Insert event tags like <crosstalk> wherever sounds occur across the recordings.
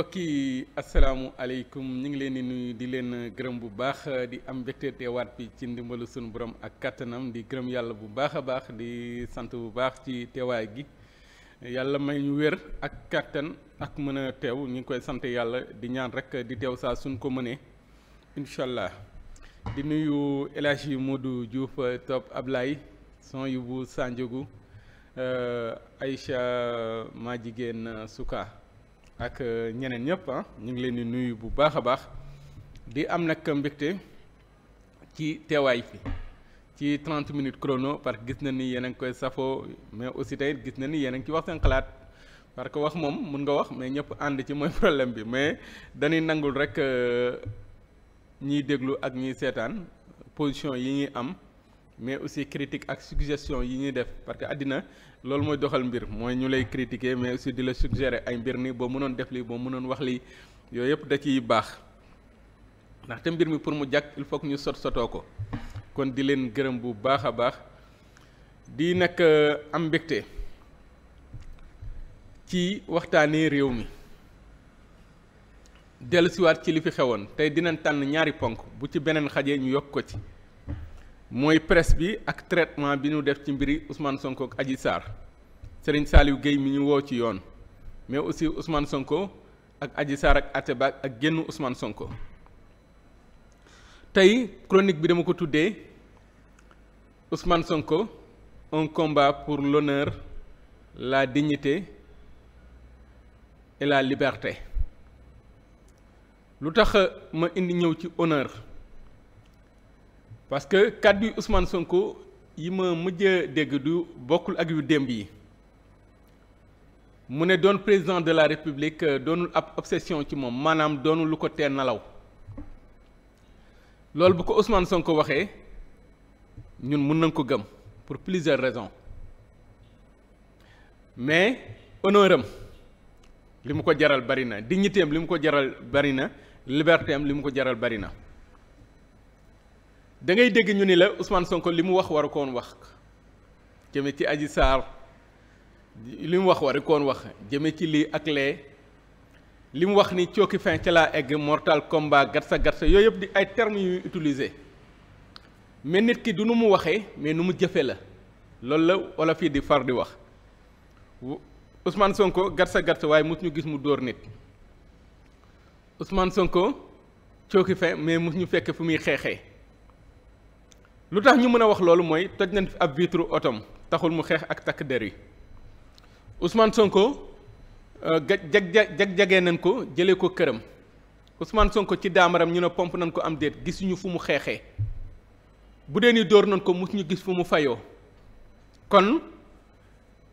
mbokk yi asalaamualeykum ñu ngi leen di nuyu di leen gërëm bu baax di am mbégte teewaat bi ci ndimbalu sunu borom ak kattanam di gërëm yàlla bu baax a baax di sant bu baax ci teewaay gi yàlla may ñu wér ak kattan ak mën teew ñu ngi koy sant yàlla di ñaan rek di teew saa suñ ko mënee incha allah di nuyu El Hadji du Diouf euh, Top ab lay yu bu Sanjogu euh, Aïcha maa jigéen Souka. ak euh, ñeneen ñëpp a ah, ñu ngi leen di nuyu bu baax a baax di am nag mbégte ci teewaay fi ci 30 minutes chrono parce que gis na ni yéen a ngi koy safoo mais aussi tey gis na ni yéen a ngi ci wax seen xalaat parce que wax moom mun nga wax mais ñëpp ànd ci mooy <laughs> problème bi mais dañuy nangul rek euh, ñiy déglu ak ñiy seetaan position yi ñuy am. mais aussi critique ak suggestion yi ñuy def parce que àddina loolu mooy doxal mbir mooy ñu lay critiquer mais aussi di la suggérer ay mbir ni boo mënoon def lii boo mënoon wax lii yooyu yëpp da ciy baax ndaxte mbir mi pour mu jàkk il faut ñu sot sotoo ko kon di leen gërëm bu baax a baax di nag euh, am mbégte ci waxtaanee réew mi siwaat ci li fi xewoon tey dinañ tànn ñaari ponk bu ci beneen xaje ñu yokk ko ci mooy presse bi ak traitement bi ñu def ci mbiri Ousmane Sonko ak Adji Sarr Serigne Saliou Guèye mi ñu woo ci yoon mais aussi Ousmane Sonko ak aji Sarr ak Ateba ak génn Ousmane Sonko tey chronique bi dama ko tuddee Ousmane Sonko un combat pour l'honneur la dignité et la liberté lu tax ma indi ñëw ci honneur parce que kàddu yu Ousmane Sonko yi ma mujj dégg du bokkul ak yu démb yi mu ne doon président de la république euh, doonul ab obsession ci moom maanaam doonul lu ko tee nalaw loolu bu ko Ousmane Sonko waxee ñun mun nañ ko gëm pour plusieurs raisons mais honneur li mu ko jaral bari na dignité li mu ko jaral bari na liberté li mu ko jaral bari na. da ngay dégg ñu ni la usman Sonko li mu wax waru koon wax jëme ci Adji Sarr li mu wax waru koon wax jëme ci lii ak lee li mu wax ni cooki fin ci laa egg mortal combat gatsa gatsa yooyu yëpp di ay termes yuy utiliser mais nit ki du nu mu waxee mais nu mu jëfe la loolu la wala fii di far di wax Ousmane Sonko gatsa gatsa waaye mos ñu gis mu dóor nit Ousmane Sonko cooki fin mais mos ñu fekk fu muy xeexee lu tax ñu mën a wax loolu mooy toj nañ fi ab vitre otom taxul mu xeex ak takk der yi Ousmane Sonko jag jag jagee nañ ko jëlee ko këram Ousmane Sonko ci daamaram ñu ne pomp nañ ko am déet gisuñu fu mu xeexee bu dee ni dóor nañ ko mus gis fu mu fayoo kon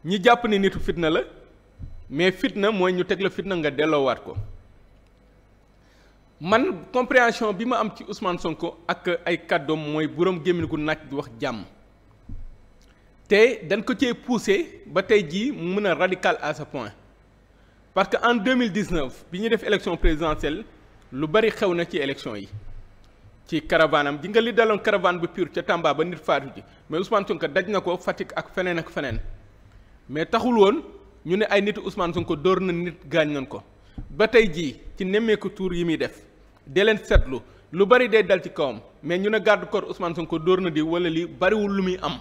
ñi jàpp ni nitu fitna la mais fitna mooy ñu teg la fitna nga delloowaat ko man compréhension bi ma am ci Ousmane Sonko ak ay kàddoom mooy boroom gémmiñ gu naaj di wax jàmm te dan ko cee poussé ba tey jii mu mën a radical à ce point parce que en 2019 bi ñu def élection présidentielle lu bari xew na ci élection yi ci caravane ji nga li daloon caravane bu pur ca Tamba ba nit faatu ji mais Ousmane Sonko daj na ko Fatick ak feneen ak feneen mais taxul woon ñu ne ay nit Ousmane Sonko dóor na nit gaañ nañ ko. ba tey jii ci nemmeeku tuur yi muy def de setlu lu bari day dal ci kawam mais ñu ne garde corps Ousmane Sonko dóor na di wala li bariwul lu muy am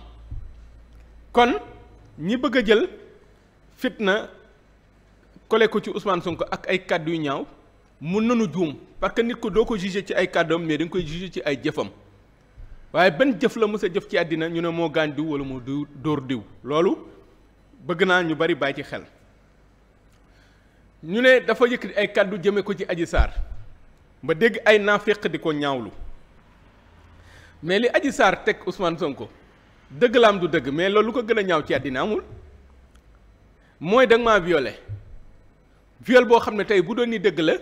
kon ñi bëgg a jël fitna kole ko ci Ousmane Sonko ak ay kàddu yu ñaaw mun nanu juum parce que nit ko doo ko jugé ci ay kàddoom mais dañ koy jugé ci ay jëfam waaye benn jëf la mës a jëf ci àddina ñu ne moo gaañ diw wala moo du dóor diw loolu bëgg naa ñu bari bàyyi ci xel ñu ne dafa yëkkati ay kàddu jëme ko ci aji Sarr ba dégg ay naaféq di ko ñaawlu mais li Adji Sarr teg Ousmane ko dëgg laam du dëgg mais loolu lu ko gën a ñaaw ci àddina amul mooy da nga maa violé boo xam ne tey bu doon ni dëgg la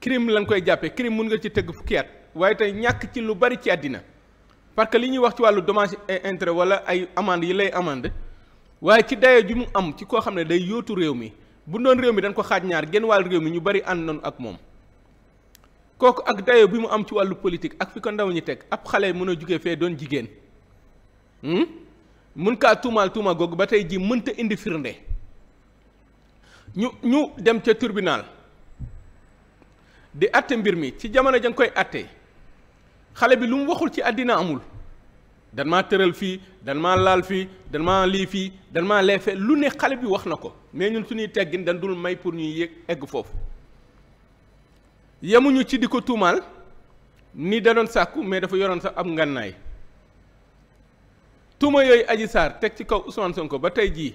crime lañ koy jàppee crime mun nga ci tëgg fukki waaye tey ñàkk ci lu bari ci àddina parce que li ñuy wax ci wàllu dommage et intérêt wala ay amende yi lay amende waaye ci dayo ji mu am ci koo xam ne day yóotu réew mi bu doon réew mi dañ ko xaaj ñaar genn wàll réew mi ñu bari ànd nañu ak moom kooku ak dayo bi mu am ci wàllu politique ak fi ko ndaw ñi teg ab xale mun a jugee fee doon jigéen mën hmm? kaa tuumaal tuuma googu ba tey ji mënta indi firnde ñu ñu dem ca tribunal di àtte mbir mi ci jamono ja nga koy àtte xale bi lu mu waxul ci àddina amul dan maa tëral fii dan maa laal fii dan lii fii dan maa lee lu ne xale bi wax na ko mais ñun suñuy teggin dan dul may pour ñuy yëg egg foofu yemuñu ci di ko tuumaal ni da doon sàkku mais dafa yoroon sax ab ngànnaay tuuma yooyu Adji Sarr teg ci kaw Ousmane ko ba tey jii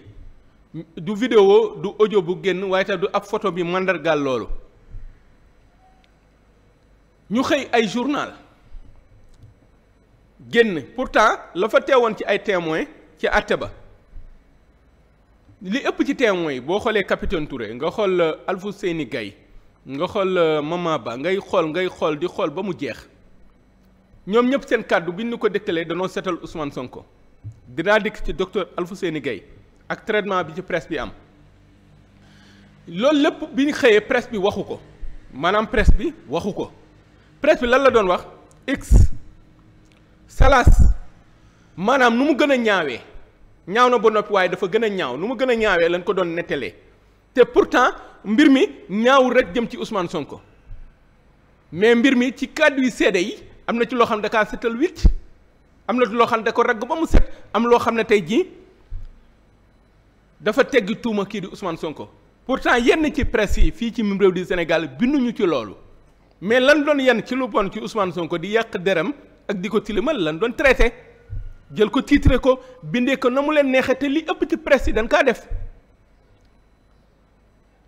du vidéo du audio bu génn waaye tax du ab photo bi mandargaal loolu ñu xëy ay journal génn pourtant la fa teewoon ci ay témoins ci àtte ba li ëpp ci témoins yi boo xoolee capitaine Touré nga xool euh, Alfousseyni Gaye nga xool euh, Mama Ba ngay xool ngay xool di xool ba mu jeex ñoom ñëpp seen kàddu bi ñu ko dëkkalee danoo seetal son ko dinaa dikk ci docteur Alfousseyni Gaye ak traitement bi ci presse bi am loolu lépp bi ñu xëyee presse bi waxu ko maanaam presse bi waxu ko presse bi lan la doon wax x salaas maanaam nu mu gën a ñaawee ñaaw na ba noppi waaye dafa gën a ñaaw nu mu gën a ñaawee lañ ko doon nettalee te pourtant mbir mi ñaawul rek jëm ci Ousmane Sonko mais mbir mi ci kàddu yu seede yi am na ci loo xam ne da setal wicc am na loo xam ne da ko ragg ba mu set am loo xam ne tey jii dafa tegg tuuma kii di usmaan Sonko pourtant yenn ci presse yi fii ci réew di Sénégal binduñu ci loolu mais lan doon yenn ci lu bon ci usmaan Sonko di yàq deram ak di ko tilimal lan doon traité jël ko titre ko bindee ko na mu leen neexee te li ëpp ci presse yi danga kaa def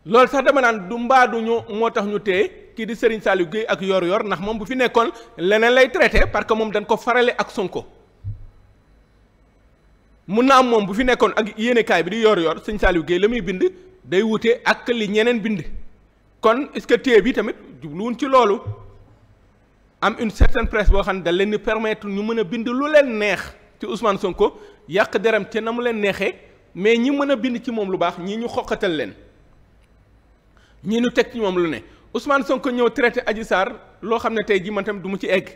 loolu sax dama naan du mbaa moo tax ñu téye kii di Serigne Saliou Guèye ak yor-yor ndax moom bu fi nekkoon leneen lay traité parce que moom dañ ko farale ak Sonko mun na am moom bu fi nekkoon ak yéenekaay bi di yor-yor Serigne Saliou Guèye la muy bind day wute ak li ñeneen bind kon est-ce que téye bi tamit jubluwuñ ci loolu. am une certaine presse boo xam ne da leen di ñu mën a bind lu leen neex ci Ousmane Sonko yàq deram ci na mu leen neexee mais ñi mën a bind ci moom lu baax ñii ñu xoqatal leen ñii ñu teg ci moom lu ne Ousmane Sonko ñëw traité Adji Sarr loo xam ne tey jii man tam du mu ci egg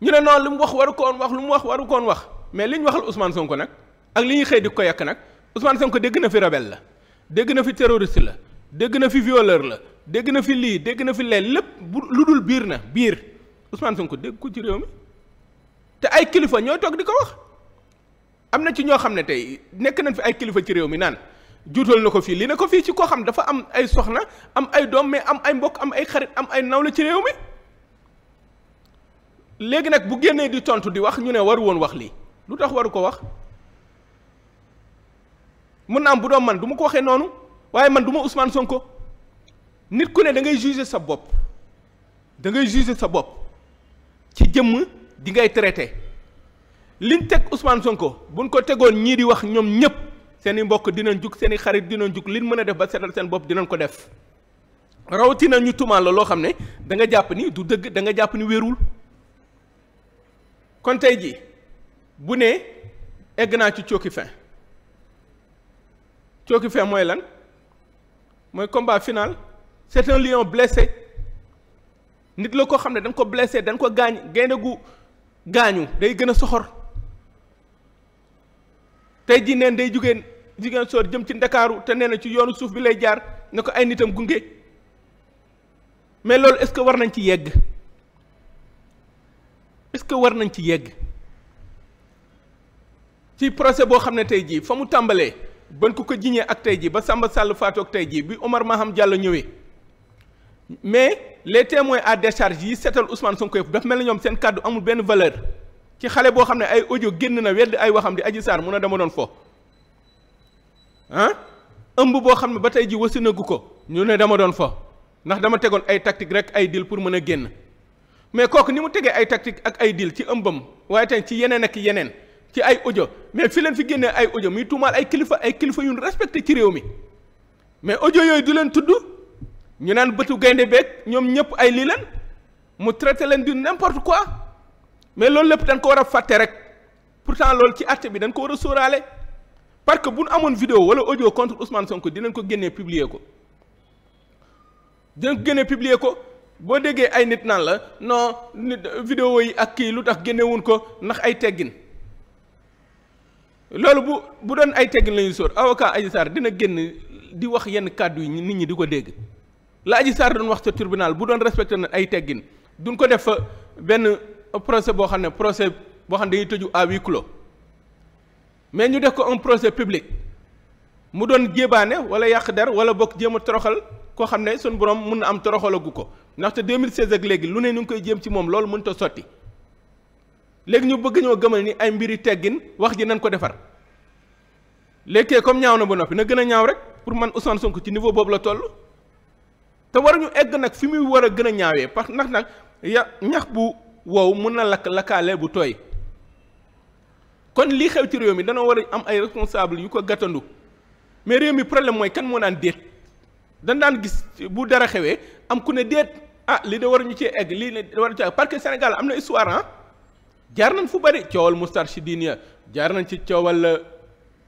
ñu ne noonu lu mu wax waru wax lu mu wax waru ko wax mais li ñu waxal Ousmane Sonko nag ak li ñuy xëy di ko yàq nag Ousmane Sonko dégg na fi rebelle la dégg na fi terroriste la dégg na fi la. dégg na fi lii dégg na fi lee lépp bu lu dul biir na biir Ousmane Sonko dégg ko ci réew mi te ay kilifa ñooy toog di ko wax am na ci ñoo xam ne tey nekk nañ fi ay kilifa ci réew mi naan juutal na ko fii li ne ko fii ci ko xam dafa am ay soxna am ay doom mais am ay mbokk am ay xarit am ay nawle ci réew mi léegi nag bu génnee di tontu di wax ñu ne waru woon wax lii lu tax waru ko wax mun naa am bu doom man du ma ko waxee noonu waaye man du ma Sonko. nit ku ne da ngay sa bopp dangay ngay sa bopp ci jëmm di ngay traité liñ teg Ousmane Sonko buñ ko tegoon ñii di wax ñoom ñëpp seen i mbokk dinañ jug seen i xarit dinañ jug liñ mën a def ba setal seen bopp dinañ ko def rawatina ñu tumaal la loo xam ne da nga jàpp ni du dëgg danga jàpp ni wérul kon tey ji bu ne egg naa ci cooki fin cooki fin mooy lan mooy combat final c'est un lion blessé nit la koo xam ne danga ko blessé dañ ko gaañ gaynde gu gaañu day gën a soxor tey ji neen day jugeen jigéen soor jëm ci ndakaaru te nee na ci yoonu suuf bi lay jaar ne ko ay nitam gunge mais loolu est-ce que war nañ ci yegg est que war nañ ci yegg ci procès boo xam ne tey jii fa mu tàmbalee ban ko ko jiñee ak tey jii ba Samba Sall faatoog tey jii bi Omar Maham Diallo ñëwee mais les témoins à décharge yi seetal Ousmane Sonko yëpp daf mel ni ñoom seen kàddu amul benn valeur ci xale boo xam ne ay audio génn na wedd ay waxam di Adji Sarr mun a dama doon fo ah ëmb boo xam ne ba tey ji wasinagu ko ñu ne dama doon fo ndax dama tegoon ay tactique rek ay deal pour mën a génn mais kooku ni mu tegee ay tactique ak ay deal ci ëmbam waaye tey ci yeneen ak yeneen ci ay audio mais fi leen fi génnee ay audio muy tuumaal ay kilifa ay kilifa yu respecté ci réew mais audio yooyu du leen tudd. ñu naan bëtu gaynde beeg ñoom ñëpp ay lii leen mu traité leen di n'importe koi mais loolu lépp dañ ko war a fàtte rek pour pourtant loolu ci àtte bi dañ ko war a sóoraale parce que bu nu amoon vidéo wala audio contre Ousmane Sonko dinañ ko génnee publier ko dinañ ko génnee publier ko boo déggee ay nit naan la non nit vidéo yi ak kii lu tax génnewuñ ko ndax ay teggin loolu bu bu doon ay teggin la ñuy sóor avocat Adji Sarr dina génn di wax yenn kàddu yi nit ñi di ko dégg. la Adji Sarr doon wax ca tribunal bu doon respecté na ay teggin duñ ko def fa benn procès boo xam ne procès boo xam ne dañuy tëju à huis mais ñu def ko un procès public mu doon jéebaane wala yàq der wala bokk jéem a toroxal koo xam ne suñu borom mun na am toroxalagu ko ndaxte 2016 ak léegi lu ne ñu ngi koy jéem ci moom loolu mënut a sotti léegi ñu bëgg ñoo gëmal ni ay mbiri teggin wax ji nañ ko defar léegi comme ñaaw na ba noppi na gën a ñaaw rek pour man Ousmane Sonko ci niveau boobu la toll. te war a ñu egg nag fi muy war a gën a ñaawee parce que ndax nag ya ñax bu wow mën na lakk lakkaale bu tooy kon lii xew ci réew mi dana war a am ay responsable yu ko gàttandu mais réew mi problème mooy kan moo naan déet dañ daan gis bu dara xewee am ku ne déet ah li war ñu cee egg lii ne war cee egg parce que Sénégal am na histoire ah jaar nañ fu bëri coowal Moustarchidine jaar nañ ci coowal euh,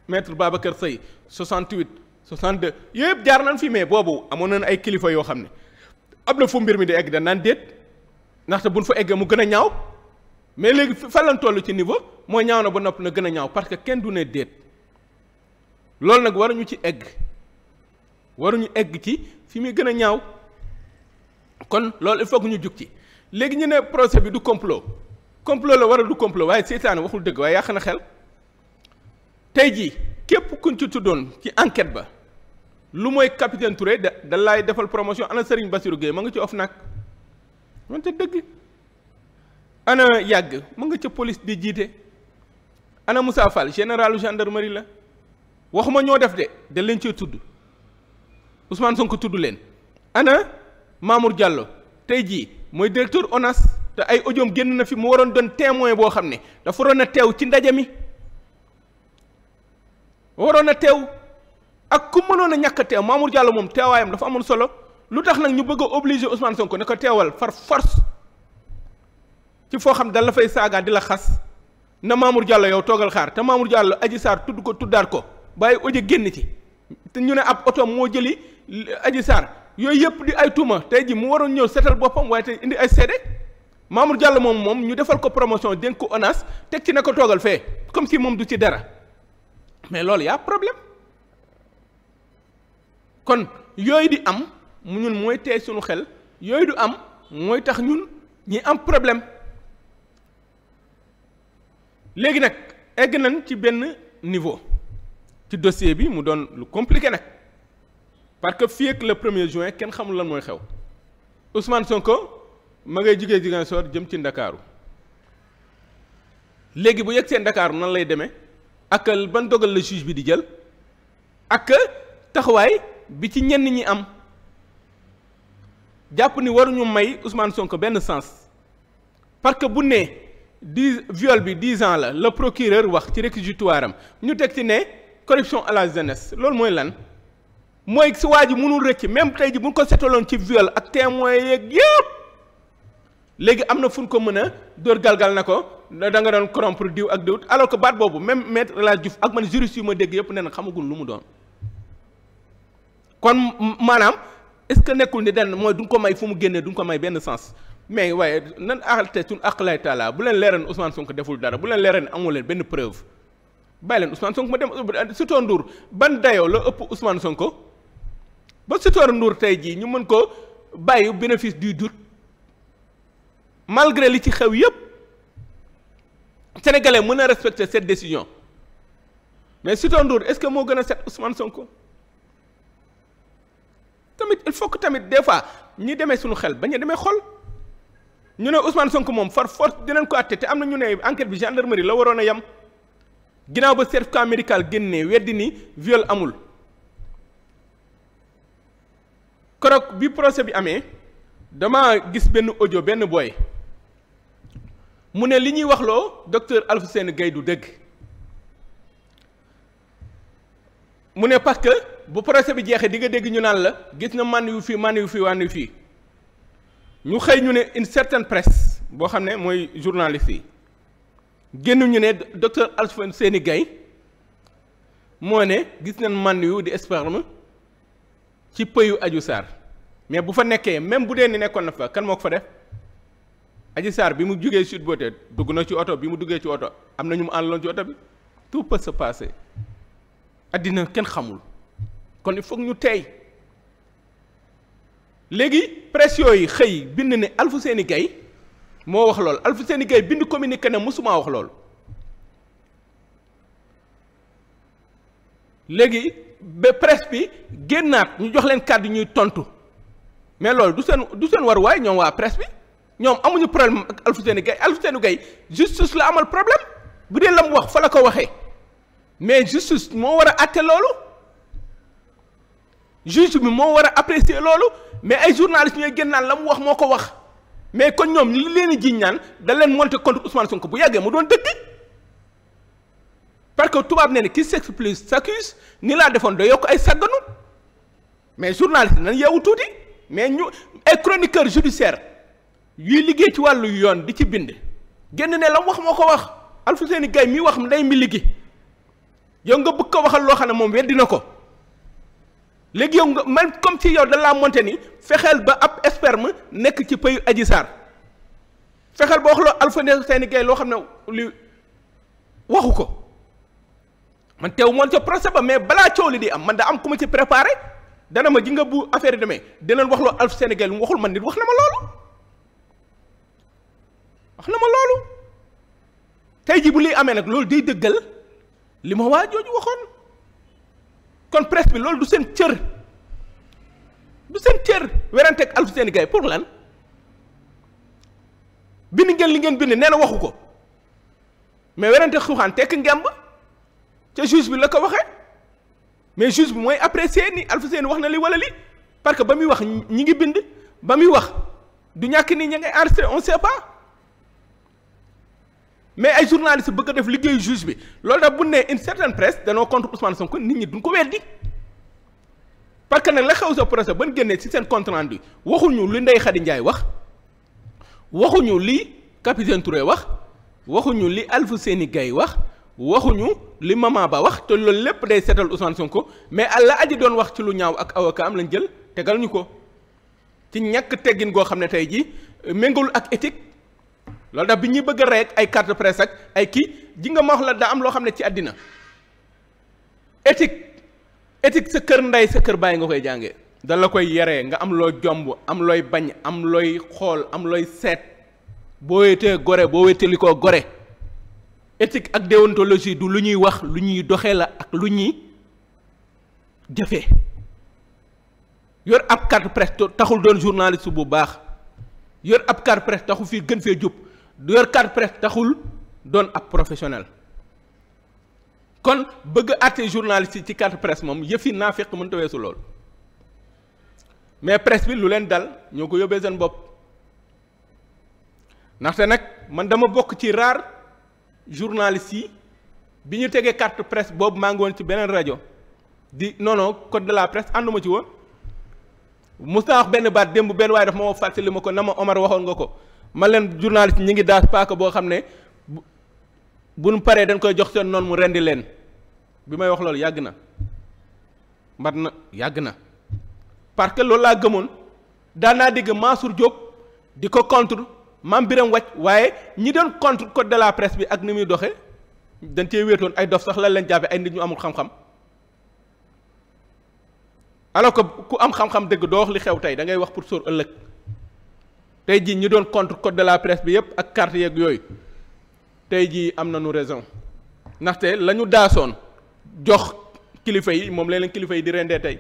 maître Babacar Seye 68. 62 yëpp jaar nañ fi mais boobu amoon nañ ay kilifa yoo xam ne ab na fu mbir mi di egg da déet ndaxte buñ fa egg mu gën a ñaaw mais léegi fan lañ toll ci niveau mooy ñaaw na ba nopp na gën a ñaaw parce que kenn du ne déet loolu nag waruñu ci egg waruñu egg ci fi muy gën a ñaaw kon loolu il faut ñu jug ci léegi ñu ne procès bi du complot complot la war a du complot waaye seytaane waxul dëgg waaye yàq na xel tey ji képp kuñ ci tuddoon ci enquête ba lu mooy capitaine Touré da da laay defal promotion ana Serigne Bassirou Gueye ma nga ci OFNAC wante dëgg ana yàgg ma nga ca police di jiite ana Moussa Fall généralu gendarmerie la waxuma ñoo def de da leen cee tudd Ousmane Sonko tudd leen ana Mamour Diallo tey jii mooy directeur ONAS te ay audioom génn na fi mu waroon doon témoin boo xam ne dafa waroon a teew ci ndaje mi waroon a teew ak ku mënoon a ñàkk a teew Mamour Diallo moom teewaayam dafa amoon solo lu tax nag ñu bëgg a obligé Ousmane ko ne ko teewal far force ci foo xam dal dafay fay di la xas na Mamour Diallo yow toogal xaar te Mamour Diallo Adji Sarr tudd ko tuddaat ko bàyyi audio génn ci te ñu ne ab oto moo jëli Adji Sarr yooyu yëpp di ay tuuma tey ji mu waroon ñëw setal boppam waaye tey indi ay seede Mamour Diallo moom moom ñu defal ko promotion dénk ko ONAS teg ci ne ko toogal f comme si moom du ci dara mais loolu y problème. kon yooyu di am mu ñun mooy tey suñu xel yooyu du am mooy tax ñun ñi am problème léegi nag egg nañ ci benn niveau ci dossier bi mu doon lu compliqué nag parce que fii ak le premier juin kenn xamul lan mooy xew Ousmane Sonko ma ngay jugee Ziguinchor jëm ci Ndakaaru léegi bu yegg seen Ndakaaru nan lay demee ak ban dogal la juge bi di jël ak taxawaay. bi ci ñenn ñi am jàpp ni waruñu may Ousmane Sonko benn sens parce que bu ne dix viol bi dix ans la le procureur wax ci réquisitoire am ñu teg ci ne corruption à la jeunesse loolu mooy lan mooy si waa ji mënul rëcc même tey ji bu ñu ko setaloon ci viol ak témoins yeeg yëpp léegi am na fu ñu ko mën a dóor galgal na ko da nga doon corrompre diw ak diw alors que baat boobu même maître El Hadj Diouf ak man juriste yu ma dégg yëpp nee na xamagul lu mu doon. kon maanaam est-ce que nekkul ni den mooy duñ ko may fu mu génnee duñ ko may benn sens mais waaye nan arrêté suñu aqlay taala bu leen leeral Ousmane Sonko deful dara bu leen leeral amu leen benn preuve bàyyi leen Ousmane Sonko ma dem Sitor Ndour ban dayoo la ëpp Ousmane Sonko ba Sitor Ndour tey jii ñu mën ko bàyyi bénéfice du doute malgré li ci xew yépp sénégalais mën a respecter cette décision mais Sitor Ndour est-ce que moo gën a set Ousmane Sonko. tamit il faut tamit des fois ñi demee suñu xel ba a demee xol ñu ne Ousmane Sonko moom far force dinañ ko àtte te am na ñu ne enquête bi gendarmerie la waroon a yem ginnaaw ba certificat médical génnee weddi ni viol amul korok bi procès bi amee dama gis benn audio benn booy mu ne li ñuy waxloo docteur Alphousseyni Gaye du dëgg mu ne parce que bu procès bi jeexee dinga dégg ñu naan la gis na man yu fii man yu fi man fii ñu xëy ñu ne une certaine presse boo xam ne mooy journaliste yi génn ñu ne docteur Alpha seeni gay moo ne gis nañ man yu di sperme ci pëyu aju Sarr mais bu fa nekkee même bu dee ni nekkoon na fa kan moo ko fa def aju Sarr bi mu jugee Sweet Beauté dugg na ci oto bi mu duggee ci oto am na ñu mu àndaloon ci oto bi tout peut se passer addina kenn xamul kon il faut ñu tey léegi presse yooyu xëy bind ne seeni Gaye moo wax loolu seeni Gaye bind communiqué ne mosumaa wax loolu léegi ba presse bi génnaat ñu jox leen kàdd ñuy tontu mais loolu du seen du seen war waaye ñoom waa presse bi ñoom amuñu problème ak Alfousseyni Gaye Alfousseyni Gaye justice la amal problème bu dee la mu wax fa la ko waxee mais justice moo war a àtte loolu. juge bi moo war a apprécier loolu mais ay journalistes ñooy génn naan la mu wax moo ko wax mais kon ñoom li leen di jiñ naan da leen monter contre Ousmane Sonko bu yàggee mu doon dëgg parce que tubaab nee ki sex plus s'accuse ni laa defoon da yokk ay sàgganu mais journaliste nañ yeewu tuuti mais ñu ay chroniqueur judiciaire yuy liggéey ci wàllu yoon di ci bind génn ne la mu wax moo ko wax Alfousseyni Gaye mii wax nday mi liggéey yow nga bëgg ko waxal loo xam ne moom weddi na ko. léegi yow nga man comme si yow da laa monte ni fexeel ba ab esperme nekk ci payu Adji Sarr fexeel ba wax loo Alpha loo xam ne li waxu ko man teew moon ca procès ba mais balaa coow li di am man da am ku ma ci préparé dana ma ji nga bu affaire yi demee dinañ wax loo Alpha Seyni lu mu waxul man nit wax na ma loolu wax na ma loolu tey ji bu liy amee nag loolu day dëggal li ma waa jooju waxoon kon presse bi loolu du seen cër du seen cër werante ak Alfousseyni Gaye pour lan bind ngeen li ngeen bind nee na waxu ko mais werante xuuxaan tekk ngemb ca juge bi la ko waxee mais juge bi mooy apprécier ni Alfousseyni wax na li wala li parce que ba muy wax ñi ngi bind ba muy wax du ñàkk nii ña ngay enregistré on sait pas mais ay journaliste bëgg a def liggéeyu juge bi lool nag bu ne une certaine presse danoo contre Ousmane Sonko nit ñi duñ ko weddi parce que nag la xew sa ba ban génnee ci seen compte rendu waxuñu li Ndeye Khady Ndiaye wax waxuñu li capitaine Touré wax waxuñu li Alfousseyni Gaye wax waxuñu li Mama Ba wax te loolu lépp day seetal Ousmane Sonko mais la aji doon wax ci lu ñaaw ak avocat am lañ jël tegal ñu ko ci ñàkk teggin goo xam ne tey jii méngul ak éthique. loolu daf bi ñuy bëgg a rek ay carte de ak ay kii ji nga ma wax la da am loo xam ne ci àddina éthique éthique sa kër ndey sa kër bàyyi nga koy jàngee da la koy yaree nga am loo jomb am looy bañ am looy xool am looy seet boo wéetee gore boo wéetali koo gore éthique ak déontologie du lu ñuy wax lu ñuy doxee la ak lu ñuy jëfee yor ab carte presse taxul doon journaliste bu baax yor ab carte presse taxu fii gën see jub du yor carte presse taxul doon ab professionnel kon bëgg àtte journaliste yi ci carte presse moom naa naafiq mënta weesu lool mais presse bi lu leen dal ñoo ko yóbbee seen bopp ndaxte nag man dama bokk ci raar journaliste yi bi ñu tegee carte presse boobu maa ngi woon ci beneen rajo di non non code de la presse ànduma ci woon mos naa wax benn baat démb benn waaye daf ma woo fàttali ma ko na ma Omar waxoon nga ko man leen journaliste ñi ngi daas paaka boo xam ne bu buñ paree dañ koy jox seen noonu mu rendi leen bi may wax loolu yàgg na mbat na yàgg na parce que loolu laa gëmoon daan naa dégg Mansour Diop di ko contre Mame biram Wathie waaye ñi doon contre code de la presse bi ak ni muy doxee dañ cee wéetoon ay dof sax lan leen jàppe ay nit ñu amul xam-xam alors que ku am xam-xam dëgg doo wax li xew tey da ngay wax pour sóor ëllëg tey jii ñi doon contre code de la presse bi yëpp ak carte yeeg yooyu tey jii am na nu raison ndaxte la ñu daasoon jox kilifa yi moom leen kilifa yi di rendee tey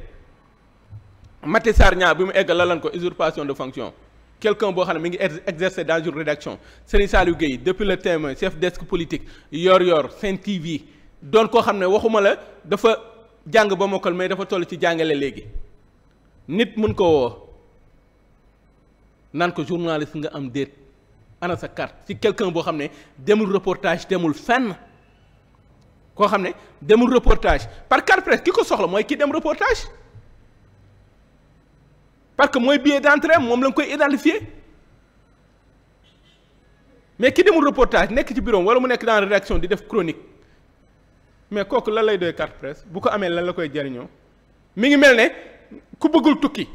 Maty Sarr bi mu egg la ko usurpation de fonction quelqu'un boo xam ne mi ngi exercer dans une rédaction Serigne Saliou Gueye depuis le témoin chef desk politique yor yor Sen TV doon koo xam ne waxuma la dafa jàng ba mokal mais dafa toll ci jàngale léegi nit mun ko woo naan ko journaliste nga am déet ana sa carte ci quelqu'un boo xam ne demul reportage demul fenn koo xam ne demul reportage par carte presse ki ko soxla mooy ki dem reportage parce que mooy billet d'entrée moom la nga koy identifier mais ki demul reportage nekk ci bureau wala mu nekk dans rédaction di def chronique mais kooku lan lay doy carte presse bu ko amee lan la koy jariñoo mi ngi mel ne ku bëggul tukki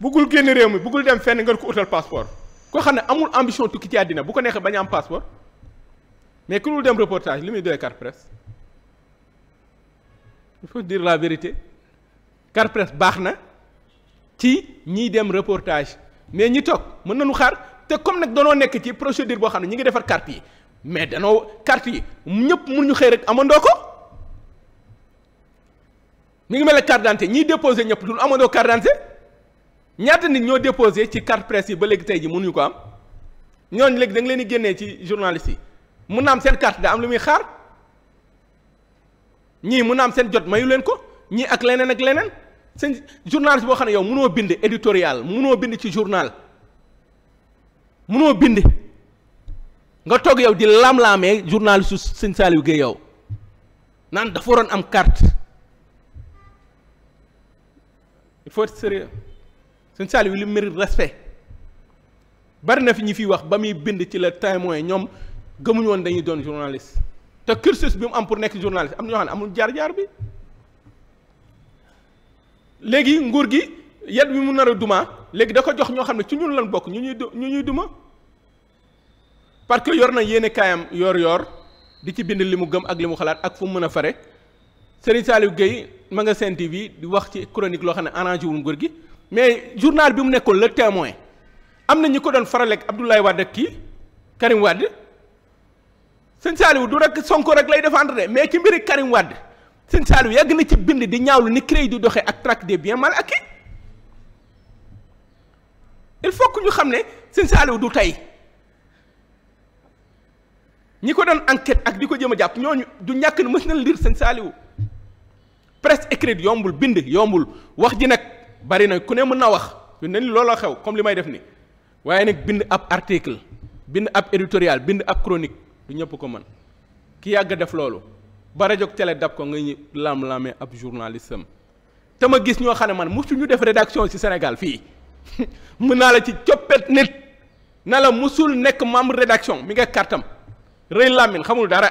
bëggul génn réew mi buggul dem fenn nga ko utal passeport koo xam ne amul ambition tukki ci àddina bu ko neexee bañ am passeport mais ku dul dem reportage li muy doy carte presse il faut dire la vérité carte presse baax na ci ñiy dem reportage mais ñi toog mën na nañu xaar te comme nag danoo nekk ci procédure boo xam ne ñi ngi defar carte yi mais danoo carte yi ñëpp mun ñu xëy rek amandoo ko mi ngi mel ne carte d'identité ñiy déposé ñëpp dul amandoo carte d'identité ñaata nit ñoo déposé ci carte presse yi ba léegi tey ji mënuñu ko am ñoo léegi da leen di génnee ci journaliste yi mun na am seen carte da am lu muy xaar ñii mun na am seen jot mayu leen ko ñii ak leneen ak leneen seen journaliste boo xam ne yow mënoo bind éditorial munoo bind ci journal mënoo bind nga toog yow di laam-laamee journaliste sëñ Saliou Guèye yow naan dafa waroon am carte il faut sëñ Saliou li mérite respect bari na fi ñu fiy wax ba muy bind ci la témoin ñoom gëmuñu woon dañuy doon journaliste te cursus bi mu am pour nekk journaliste am na ñoo xam ne amul jaar-jaar bi léegi nguur gi yet bi mu nar a duma léegi da ko jox ñoo xam ne ci ñun lan bokk ñu ñuy ñu ñuy duma parce que yor na yéene kaayam yor-yor di ci bind li mu gëm ak li mu xalaat ak fu mu mën a fare Serigne Saliou Gueye ma nga Sen TV di wax ci chronique loo xam ne arrangé wul nguur gi. mais journal bi mu nekkoon le témoin am na ñi ko doon faral ak Abdoulaye Wade ak kii Karim Wade sëñ Saliou du rek Sonko rek lay défendre de mais ci mbiri Karim Wade sëñ Saliou yàgg na ci bind di ñaawlu ni CREI di doxee ak traque des biens mal acquis il faut que ñu xam ne sëñ Saliou du tey ñi ko doon enquête ak di ko jëm jàpp ñooñu du ñàkk ne mës na lire sëñ Saliou presse écrite yombul bind yombul wax ji nag. bari na ku ne mën naa wax fi ne looloo xew comme li may def ni waaye nag bind ab article bind ab éditorial bind ab chronique du ñëpp ko mën ki yàgg def loolu ba rajoog tele dab ko nga ñu lam-lamee ab journaliste am te ma gis ñoo xam ne man musu ñu def rédaction ci senegal fii <laughs> mën naa la ci coppet nit na la musul nekk membre rédaction mi nga kàttam rëy làmmiñ xamul dara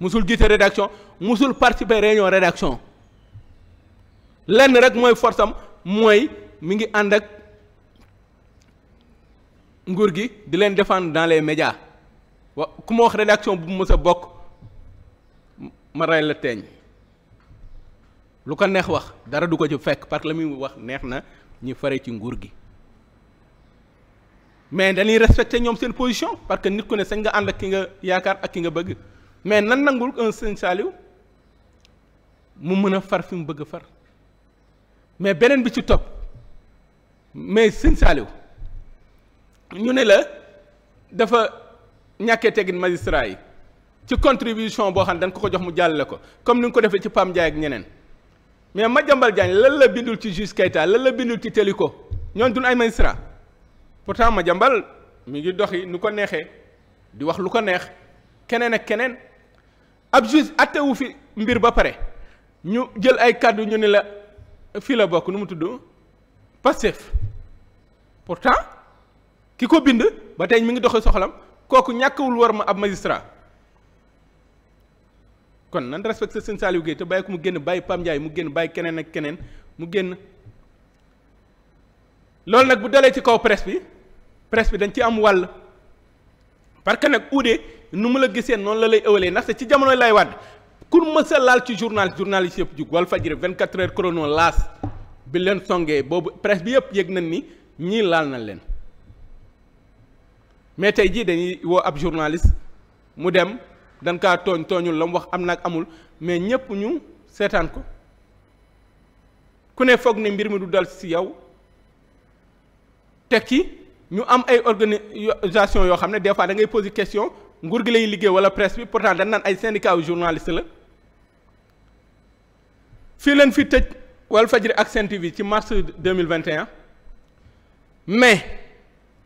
musul jiite rédaction musul participer réunion rédaction lenn rek mooy force am mooy mi ngi ànd ak nguur gi di leen défendre dans les médias wa ku ma wax rédaction bu mu sa bokk ma rey la teeñ lu ko neex wax dara du ko ci fekk parce que la muy wax neex na ñu fare ci nguur gi mais danuy respecter ñoom seen position parce que nit ku ne sañ nga ànd ak ki nga yaakaar ak ki nga bëgg mais nan nangul un sëñ mu mën a far fi mu bëgg a far mais beneen bi ci topp mais sëñ Saliou ñu ne la dafa ñàkkee teggin magistrat yi ci contribution boo xam ne dañ ko jox mu jàllale ko comme ni nga ko defee ci Pam Ndiaye ak ñeneen mais Madiambal Diagne lan la bindul ci juge kaytaa lan la bindul ci ko ñoom duñ ay magistrat ma Madiambal mi ngi doxi nu ko neexee di wax lu ko neex keneen ak keneen ab juge attewu fi mbir ba pare ñu jël ay kàddu ñu ni la fii la bokk nu mu tudd Pastef pourtant ki ko bind ba tey mi ngi doxee soxlam kooku ñàkkawul war ma ab magistrat kon nan respecté sëñ Saliou Guèye te bàyyi ko mu génn bàyyi Pam Ndiaye mu génn bàyyi keneen ak keneen mu génn loolu nag bu dalee ci kaw presse bi presse bi dañ ci am wàll parce que nag uude nu mu la gisee noonu la lay ëwalee ndaxte ci jamono lay wàdd ku mës a laal ci journal journaliste yëpp jug Walfadjri 24 heures chrono laas bi leen songee boobu presse bi yëpp yëg nañ ni ñii laal nañ leen mais tey jii dañuy woo ab journaliste mu dem dañ kaa tooñ tooñul la mu wax am nag amul mais ñëpp ñu seetaan ko ku ne foog ni mbir mi du dal si yow tekki ñu am ay organisation yoo xam ne des fois da ngay poser question nguur gi lañuy liggéey wala presse bi pourtant dañ ay syndicat yu journaliste la fii leen fi tëj Walfadjri ak Sen TV ci mars deux mille vingt et mais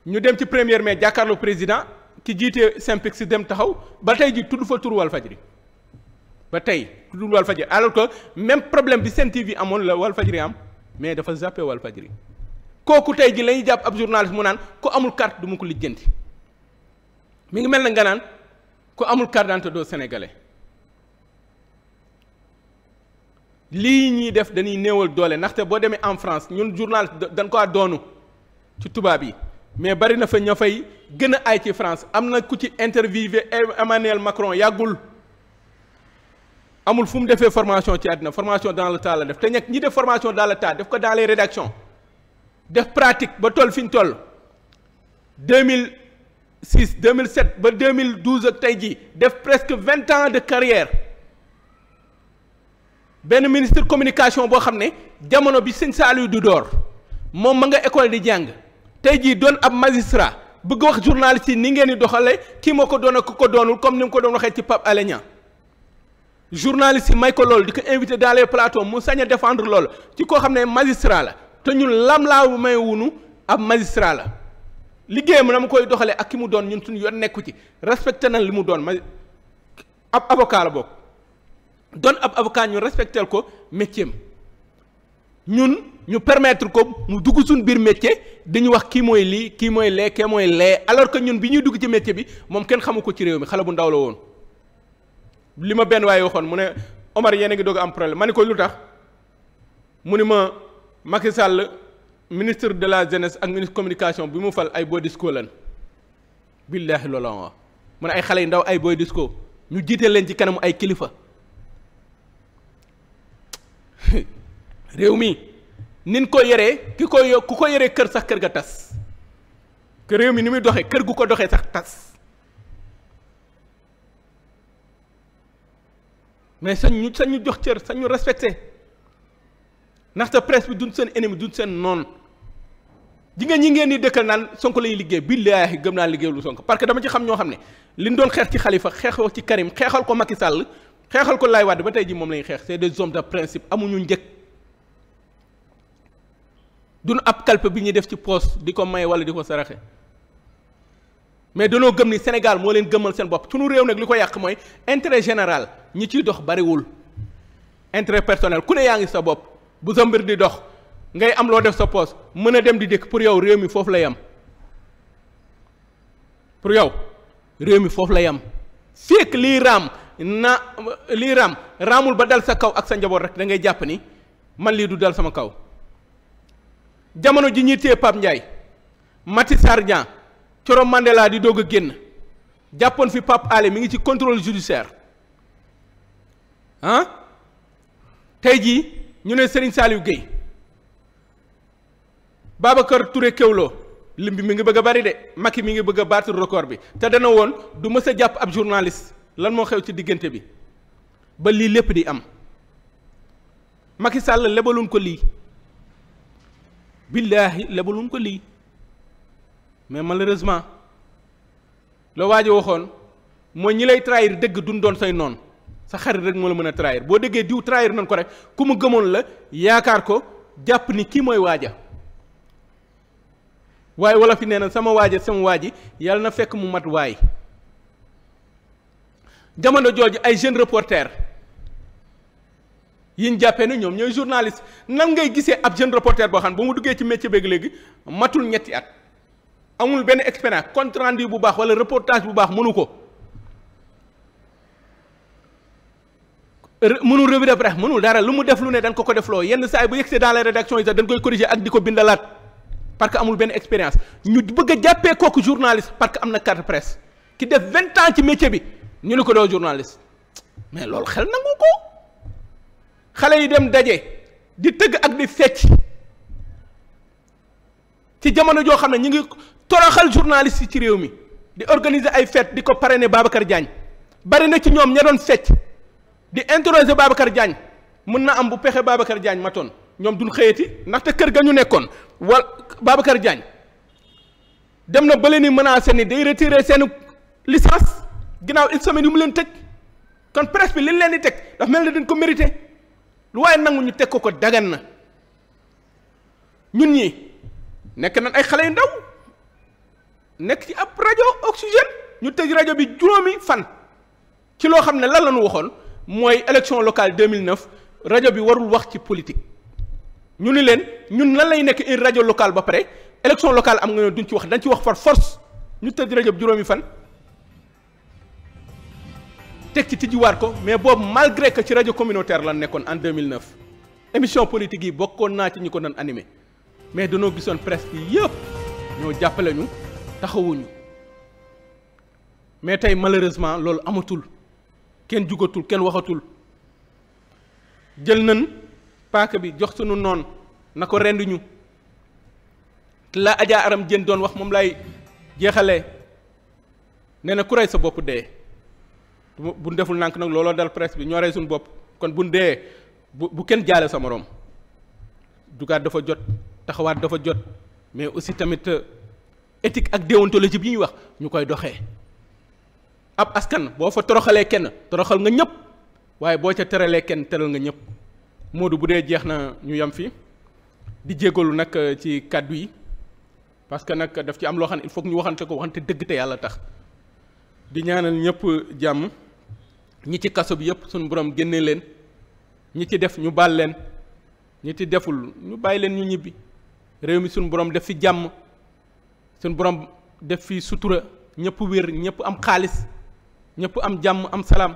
ñu dem ci premier mais jàkkaarloo président ki jiite Synpics si dem taxaw ba tey ji tudd fa tur Walfadjri ba tey tudd Walfadjri alors que même problème bi Sen TV amoon la Walfadjri am mais dafa jàppe zappé Walfadjri kooku tey ji la jàpp ab journaliste mu naan ku amul carte du mu ko lijjanti mu ngi mel na nga naan ku amul carte d'identité doo sénégalais. lii ñuy def dañuy néewal doole ndaxte boo demee en France ñun journal dañ ko doonu ci tubaab yi mais bari na fa ña fay gën ay ci France am na ku ci interviewé Emmanuel Macron yàggul amul fu mu defee formation ci àddina formation dans le tas def te ñeg ñi def formation dans le tas def ko dans les def pratique ba toll fi ñu toll deux deux mille mille 2007 ba deux 2012 ak tey jii def presque vingt ans de carrière benn ministre communication boo xam ne jamono bi sëñ Saliou du door moom ma nga école di jàng tey jii doon ab magistrat bëgg a wax journaliste yi ni ngeen di doxale kii moo ko doon ak ku ko doonul comme ni mu ko doon waxee ci Pape Alé Niang journaliste yi may ko loolu di ko invité dans les plateaux mu saña a défendre loolu ci koo xam ne magistrat la te ñu lam laa may wunu ab magistrat la liggéeyam na mu koy doxalee ak ki mu doon ñun suñu yoon nekku ci respecté na li mu doon ma ab avocat la doon ab avocat ñu respecté ko métier ñun ñu permettre ko mu dugg suñ biir métier dañu wax kii mooy lii kii mooy lee kee mooy lee alors que ñun bi ñuy dugg ci métier bi moom kenn xamu ko ci réew mi xale bu ndaw la woon li ma benn waaye waxoon mu ne Omar yéen a ngi doog am problème ma ne ko lu tax mu ni ma Macky Sall ministre de la jeunesse ak ministre communication bi mu fal ay boy disco lan billaahi loolu wax mu ne ay xale yu ndaw ay boy disco ñu jiite leen ci kanamu ay kilifa <laughs> réew mi nin ko yoree ki ko yo ku ko yoree kër sax kër ga tas kër réew mi ni muy doxee kër gu ko doxee sax tas mais sañu sañu jox cër sañu respecté ndaxte presse bi duñ seen ennemi duñ seen noon ji ñi ngeen di dëkkal naan Sonko lay liggéey billaahi gëm naa liggéey lu Sonko parce que dama ci xam ñoo xam ne liñ doon xeex ci xalifa xeexoo ci Karim xeexal ko Macky sàll xeexal ko Laay Wàdd ba tey jii moom lañu xeex c'est de hommes de principe amuñu njëkk duñu ab kalpe bi ñuy def ci poos di ko may wala di ko saraxe mais danoo gëm ni Sénégal moo leen gëmal seen bopp suñu réew nag li ko yàq mooy intérêt général ñi ciy dox bariwul intérêt personnel ku ne yaa ngi sa bopp bu sa mbir di dox ngay am loo def sa poos mën a dem di dëkk pour yow réew mi foofu lay am pour yow réew mi foofu la yam fekk lii raam na lii raam raamul ba dal sa kaw ak sa njaboot rek da ngay jàpp ni man lii du dal sama kaw jamono ji ñuy téye njaay Ndiaye Maty Sarr Niang Coro di doog a génn jàppoon fi Pape Alé mi ngi ci contrôle judiciaire ah tey jii ñu ne Serigne Saliou Guèye Babacar Touré Kewlo lim bi mi ngi bëgg a bari de Macky mi ngi bëgg a battre record bi te dana woon du mës a jàpp ab journaliste lan moo xew ci diggante bi ba lii lépp di am Macky Sall lebaluñ ko lii billaahi lebaluñ ko lii mais malheureusement la waaj a waxoon mooy ñi lay trahir dëgg duñ doon say noon sa xarit rek moo la mën a trahir boo dëggee diw trahir nañ ko rek ku mu gëmoon la yaakaar ko jàpp ni kii mooy waaja waaye wala fi nee na sama waaja sama waaji yàlla na fekk mu mat waay jamono jooju ay jeune reporter yi ñu jàppee ne ñoom ñooy journaliste nan ngay gisee ab jeune reporter boo xam ne ba mu duggee ci métier beeg léegi matul ñetti at amul benn expérience compte bu baax wala reportage bu baax mënu ko mënul revue de presse mënul dara lu mu def lu ne dañ ko ko defloo yenn saa yi bu yegsee dans les rédactions yi sax dañ koy corriger ak di ko bindalaat parce que amul benn expérience ñu bëgg a jàppee kooku journaliste parce que am na carte presse ki def vingt ans ci métier bi. ñu ni ko doo journaliste mais loolu xel nangu ko xale yi dem daje di tëgg ak di fecc ci jamono joo xam ne ñu ngi toroxal journaliste yi ci réew mi di organiser ay fête di ko pare ne Babacar Diagne bari na ci ñoom ña doon fecc di interroger Babacar Diagne mën na am bu pexe Babacar Diagne matoon ñoom duñ xëyati ndaxte kër ga ñu nekkoon wal Babacar Diagne dem na ba leen ni menacé ni day retirer seen licence ginnaaw une semaine yu mu leen tëj kon presse bi liñ leen di teg daf mel ne dañ ko mérité lu waaye nangu ñu teg ko ko dagan na ñun ñi nekk nañ ay xale yu ndaw nekk ci ab rajo oxygène ñu tëj rajo bi juróomi fan ci loo xam ne lan la ñu waxoon mooy élection locale 2009 rajo bi warul wax ci politique ñu ni leen ñun lan lay nekk une rajo locale ba pare élection locale am nga ne duñ ci wax dañ ci wax par force ñu tëj rajo bi juróomi fan. teg ci tijjiwaat ko mais boobu malgré que ci rajo communautaire lan nekkoon en 2009 émission politique yi bokkoon naa ci ñi ko doon animé mais danoo gisoon presse bi yëpp ñoo jàppale ñu taxawuñu mais tey malheureusement loolu amatul kenn jugatul kenn waxatul jël nañ paaka bi jox sunu noon na ko rend ñu la Adja Aram jën doon wax moom lay jeexale nee na ku rey sa bopp dee. bu deful nànk nag looloo dal presse bi ñoo rey suñu kon bu dee bu bu kenn jaale sa morom dugaat dafa jot taxawaat dafa jot mais aussi tamit euh, éthique ak déontologie bi ñuy wax ñu koy doxee ab askan boo fa toroxalee kenn toroxal nga ñëpp waaye boo ca teralee kenn teral nga ñëpp Modou bu dee jeex na ñu yem fi di jégalu nag euh, ci kàddu yi parce que nag daf ci am loo xam ne il foog que ñu waxante ko waxante dëgg te yàlla tax di ñaanal ñëpp euh, jàmm. ñi ci kaso bi yëpp suñu borom génnee leen ñi ci def ñu baal leen ñi ci deful ñu bàyyi leen ñu ñibbi réew mi suñu borom def fi jàmm suñu borom def fi sutura ñëpp wér ñëpp am xaalis ñëpp am jàmm am salaam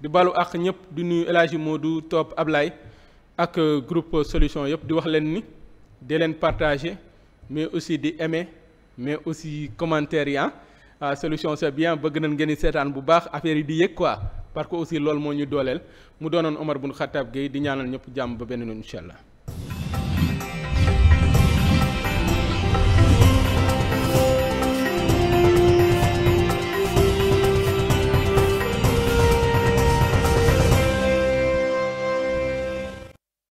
di balu ak ñëpp di nuyu El Hadji Modou Top Ablaye ak groupe solution yëpp di wax leen ni di leen partager mais aussi di aimer mais aussi commentaire yi ah. Ah, solution c'est bien bëgg nañ ngeen di seetaan bu baax affaire yi di yëg quoi parce que aussi loolu moo ñu dooleel mu doonoon Omar bun Khattab Gueye di ñaanal ñëpp jàmm ba beneen yoon